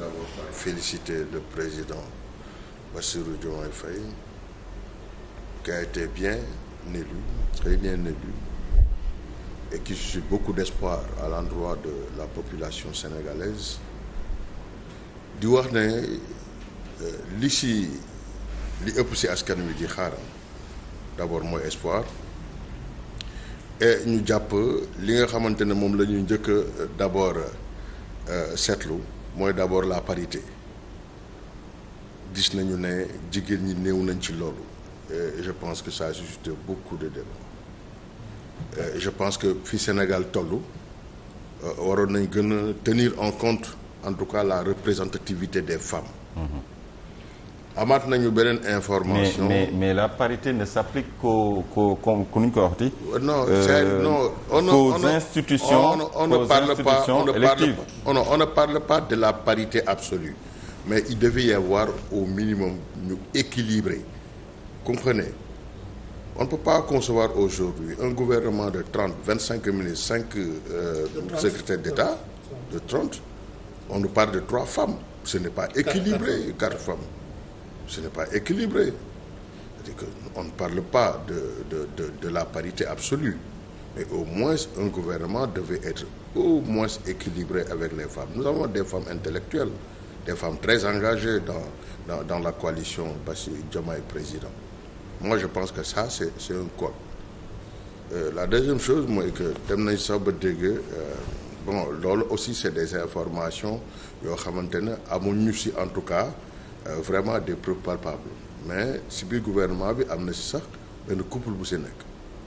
d'abord le président Bassirou Diomaye Faye qui a bien élu, très bien élu, et qui suscite beaucoup d'espoir à l'endroit de la population sénégalaise di wax ne euh, li si li ëpp si askan wi di xaaram d'abord mooy espoir et ñu jàpp li nga xamante ne moom la ñuy njëkk d'abord euh, seetlu mooy d'abord la parité gis nañu ne jigéen ñi néew nañ ci loolu et euh, je pense que ça a suscité beaucoup de débats euh, je pense que fi Sénégal toll euh, waroon nañ gën a tenir en compte en tout cas la représentativité des femmes amaat nañu beneen information. mais mais la parité ne s'applique qu'aux comme ñu ko waxti euh, euh, c'est non on ne on ne on ne parle pas on ne parle on ne de la parité absolue mais il devait y avoir au minimum ñu équilibré comprenez on ne peut pas concevoir aujourd'hui un gouvernement de trente vingt cinq ministres cinq euh, secrétaires d'État de trente on nous parle de trois femmes ce n'est pas équilibré quatre femmes ce n'est pas équilibré. Que on ne parle pas de, de, de, de, la parité absolue, mais au moins un gouvernement devait être au moins équilibré avec les femmes. Nous des femmes intellectuelles, des femmes très engagées dans, dans, la coalition Bassi Djama est président. Moi, je pense que ça, c'est un quoi. Euh, la deuxième chose, moi, que Temna Sabedege, euh, bon, aussi, c'est des informations, en tout cas, Euh, vraiment des preuves palpables mais si biir gouvernement bi am na si sax benn couple bu si nekk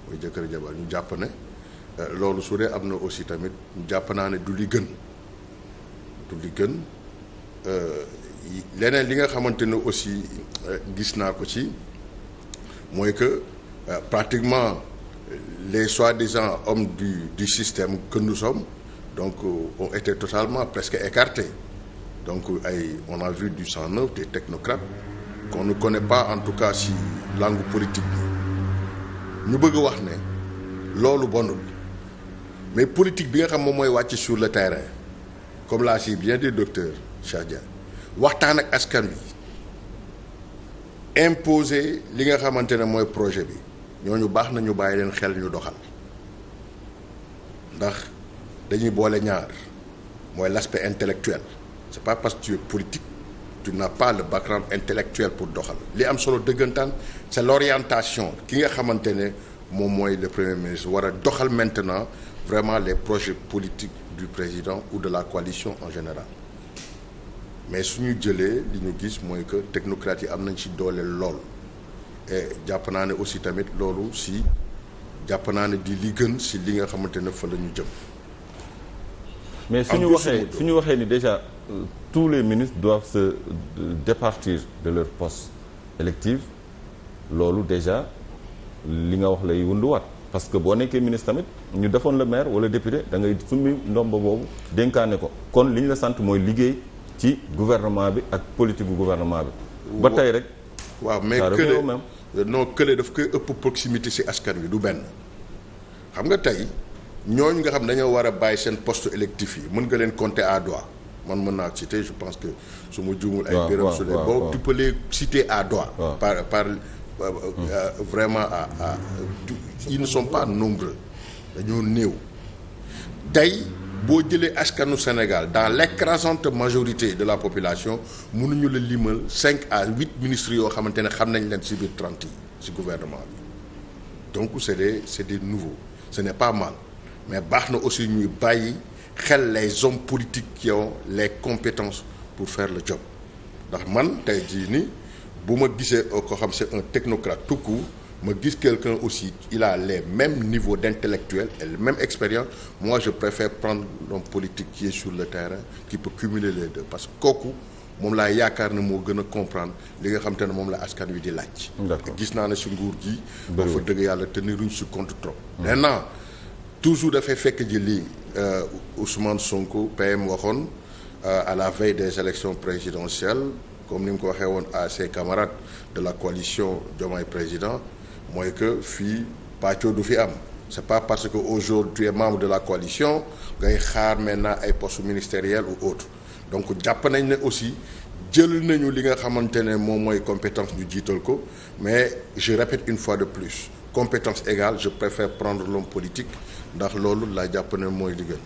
muy jëkkër jabar ñu jàpp ne euh, loolu su dee am na aussi tamit jàpp naa ne du li gën du li gën euh, leneen li nga xamante ne aussi gis naa ko ci mooy que pratiquement les soi-disant hommes du du système que nous sommes donc ont été totalement presque écartés donc ay on a vu du sang neuf des technocrates qu'on ne pas en tout cas si langue politique bi ñu bëgg wax ne loolu bonul mais politique bi nga xam moom mooy wàcc sur le terrain comme l'a si bien dit docteur Cheikh waxtaan ak askan bi imposer li nga xamante ne mooy projet bi ñoo ñu baax na ñu bàyyi leen xel ñu doxal ndax dañuy boole ñaar mooy l'aspect intellectuel c'est pas parce que tu es politique tu pas le background intellectuel pour doxal li am solo dëggantaan c'est l'orientation ki nga xamante ne moom mooy le premier ministre war a doxal maintenant vraiment les projets politiques du président ou de la coalition en général mais suñu jëlee li ñu gis mooy que technocrates am nañ ci dooleel lool et jàpp naa ne aussi tamit loolu si jàpp naa ne di li gën si li nga xamante ne fa la ñu jëm mais suñu waxee ñu waxee ni déjà euh, tous les ministres doivent se euh, départir de leur poste électif loolu déjà li nga wax lay wunduwaat parce que boo nekkee ministre tamit ñu defoon le maire wala député da ngay summi ndomba boobu dénkaane ko kon li ñu la sant mooy liggéey ci gouvernement bi ak politique gu gouvernement bi ba tey rek waaw mais kële non kële daf koy ëpp proximité si askan wi du benn xam nga tey ñooñu nga xam dañoo war a bàyyi seen poste électif yi mën nga leen compter à doigt man mën naa citer je pense que su ma juumul ay biram su dee boo tu peux les citer à doigt par par euh, euh, euh, vraiment à à ils ne sont pas nombreux dañoo néew tey boo jëlee askanu Sénégal dans l'écrasante majorité de la population mënuñu la limal cinq à huit ministres yoo xamante ne xam nañ leen si biir trente yi ci gouvernement bi donc c'est des c'est des nouveaux ce n'est pas mal mais baax na aussi ñuy bàyyi xel les hommes politique yow ont les compétences pour fair la job ndax man tey jii ni bu ma gisee euh, ko xam c'est un technocrate tout court ma gis quelqu'un aussi il a les mêmes niveaux d'intellectuel et les mêmes expériences moi je préfère prendre l'homme politique qui sur le terrain qui peut cumuler les deux parce que kooku moom laa yaakaar ne moo gën a comprendre li nga xam te ne moom la askan wi di laaj gis naa ne si nguur ji ba fa dëgg yàlla teniruñ si compte trop maintenant toujours dafay fekk ji lii euh, Ousmane Sonko PM waxoon euh, à la veille des élections présidentielles comme ni mu ko waxee woon à ses camarades de la coalition Diomaye Président mooy que fii pàccoo du fi am c'est pas parce que aujourd'hui tu es membre de la coalition ngay xaar maintenant ay postes ministériels ou autres donc jàpp nañ ne aussi jël nañu li nga xamante ne moom mooy compétence ñu jiital ko mais je répète une fois de plus compétence égale je préfère prendre l'homme politique ndax loolu laa jàpp ne mooy li gën.